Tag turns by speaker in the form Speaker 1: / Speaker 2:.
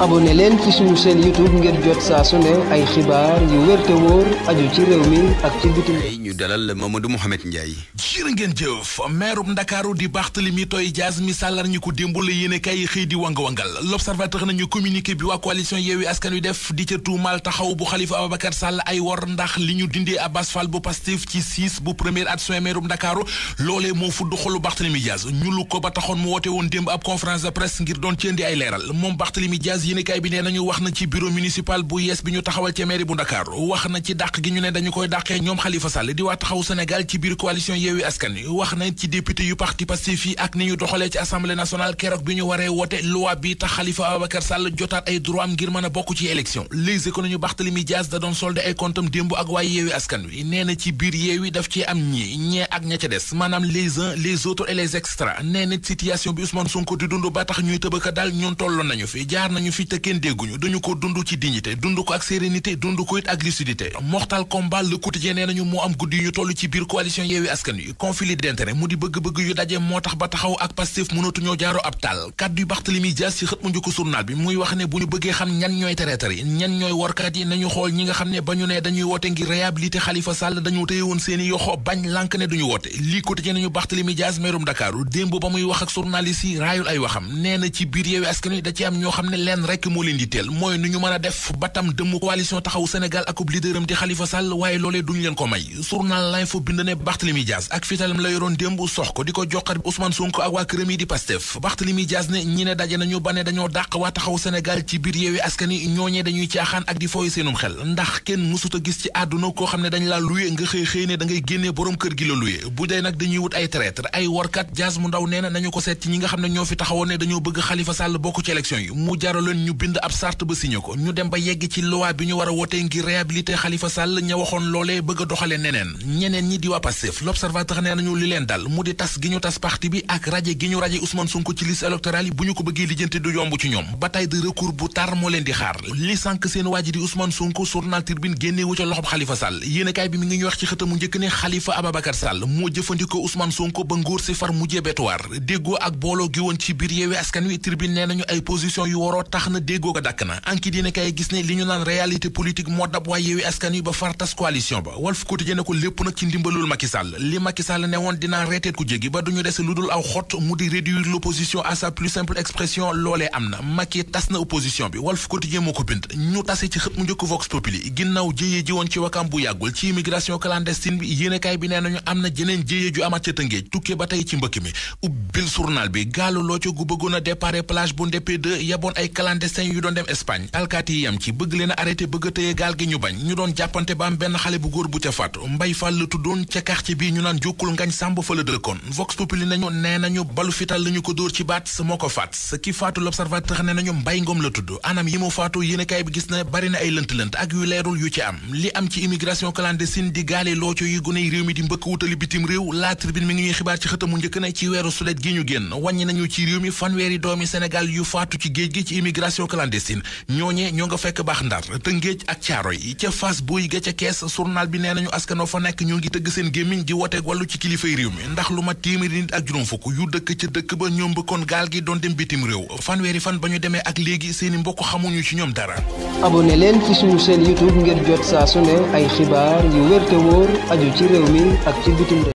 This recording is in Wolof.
Speaker 1: abonné leen ci suñu chaîne YouTube ngir jot saa su ne ay xibaar yu wér te wóor aju ci réew mi ak ci bitim ñu dalal Mamadou Mouhamed Ndiaye jërë ngeen jëf meerub Ndakaaru di Barthélemy Toye Dias mi sàllar ñu ko démb la yéene kay xëy di wang-wangal L'Observateur nañu communiqué bi waa coalition Yewwi Askan Wi def di ca tuumal taxaw bu xalifa Ababacar Sall ay wor ndax li ñu dindee Abass Fall bu Pastef ci six bu premier adjoint meerub Ndakaaru loolee moo fu duxalu Barthélemy Dias ñulu ko ba taxoon mu woote woon démb ab conférence de presse ngir doon yéenekaay bi nee nañu wax na ci bureau municipal bu yees bi ñu taxawal ca mairie bu Dakar wax na ci dàq gi ñu ne dañu koy dàqee ñoom xalifa Sall di waa taxaw Sénégal ci biir coalition Yewwi Askan Wi wax na ci député yu parti Pastef yi ak ni ñu doxalee ci assemblée nationale keroog bi ñu waree wote loi bi tax Khalifa Ababacar Sall jotaat ay droit ngir mën a bokk ci élection léegi ko nañu Barthélémy Dias da doon solde ay comptam démb ak waaye Yewwi Askan Wi nee na ci biir Yewwi daf ci am ñi ñee ak ña ca des maanaam les les autres les extras nee na situation bi Ousmane Sonko di dund ba tax ñuy tëbaka daal ñun tolloon nañu fi jaar nañu fi te kenn dégguñu dañu ko dund ci dignité dund ko ak sérénité dund ko it ak lucidité mortal combat le quotidien nee nañu moo am guddi yu toll ci biir coalition yeewi askan wi conflit d'intérêt mu di bëgg-bëgg yu daje moo tax ba taxaw ak Pastef mënatuñoo jaaro ab taal kàddu yu Barthélémy Dias ci xët mu bi muy wax ne bu ñu bëggee xam ñan ñooy traître yi ñan ñooy workat yi nañu xool ñi nga xam ne ba ñu ne dañuy woote ngir réhabilité Khalifa Sall dañu téye woon seeni yoxo bañ lànk ne duñu woote lii quotidien nañu Barthélémy Dias meerum Dakaaru démb ba muy wax ak journaliste yi raayul ay waxam nee na ci biir yeewi askan wi da am ñoo xam ne leen rek moo leen di teel mooy nu ñu mën a def ba tam dëmm coalition taxawu Sénégal akub leaderam di Khalifa Sall waaye loolee duñu leen ko may journal L'Info bind ne Barthélemy Diaz ak fitalam la yoroon démb sox ko di ko joxar Ousmane Sonko ak waa këram yi di Pastef Barthélemy Diaz ne ñi ne daje nañu ba ne dañoo dàq waa taxawu Sénégal ci biir yeewi askani ñooñee dañuy caaxaan ak di fooyu seenum xel ndax kenn mësuta gis ci àdduna koo xam ne dañ laa luye nga xëy xëy ne xam ne ñoo fi taxawoon ne dañoo bëgg Khalifa Sall bokk yoon ñu bind ab sart ba signé ko ñu dem ba yegg ci loi bi ñu war a ngir réhabiliter Khalifa Sall ña waxoon loolee bëgg doxale neneen ñeneen ñi di waa l'observateur nee li leen dal mu di tas gi ñu tas parti bi ak raje gi ñu raje Ousmane Sonko ci liste électorale yi bu ñu ko bëggee lijjanti du yomb ci ñoom bataille de recours bu tar moo leen di xaar li sànk seen waaji di Ousmane Sonko journal Tribune génnee ca loxob Khalifa Sall yéenekaay bi mi tax na déggoo ko dàkk na anki dina kay gis ne li ñu naan réalité politique moo dab waa yeewi askan wi ba fartas coalition ba Walf Quotidien ne ko lépp nag ci ndimbalul Macky Sall li Macky Sall ne woon dinaa reeteet ku jéggi ba duñu des lu dul aw xot mu di réduire l'opposition à sa plus simple expression loolee am na Macky tas na opposition bi Walf Quotidien moo ko bind ñu tase ci xët mu njëkk Vox Populi ginnaaw jéyee ji woon ci wakam bu yàggul ci immigration clandestine bi yéenekaay bi nee nañu am na jeneen jéyee ju amat ca Tëngéej tukkee ba tey ci mbëkk mi ubbil journal bi gaalu loo ca gu bëggoon a départ plage bu ndeppe de yaboon ay clandestin clandestin ki faatu l'observateur ne nañu mbay ngoom la tudd anam yi mu faatu yéenekaay bi gis na bari na ay lënt-lënt ak yu leerul yu ci am li am ci immigration clandestine di gaale looco yi gune réew mi di mbëkk wutali bitim réew la tribune mi ngi ñuy xibaar ci xëtamu njëkk ne ci weeru sulet gi ñu génn wàññi nañu ci réew mi fanweeri doomi Sénégal yu faatu ci géej gi ci immigration immigration clandestine ñooñee ñoo nga fekk baax ndar tëngéej ak caaro yi ca fas buy ga ca kees journal bi nee nañu askanoo fa nekk ñoo ngi tëgg seen gémmiñ di woteeg wàllu ci kilifay réew mi ndax lu ma téeméeri nit ak juróom fukk yu dëkk ca dëkk ba ñoom bëkkoon gaal gi doon dem bitim réew fanweeri fan ba ñu demee ak léegi seeni mbokk xamuñu ci ñoom dara abonné ci suñu seen youtube ngir jot saa su ne ay xibaar yu wér te aju ci réew mi ak ci bitim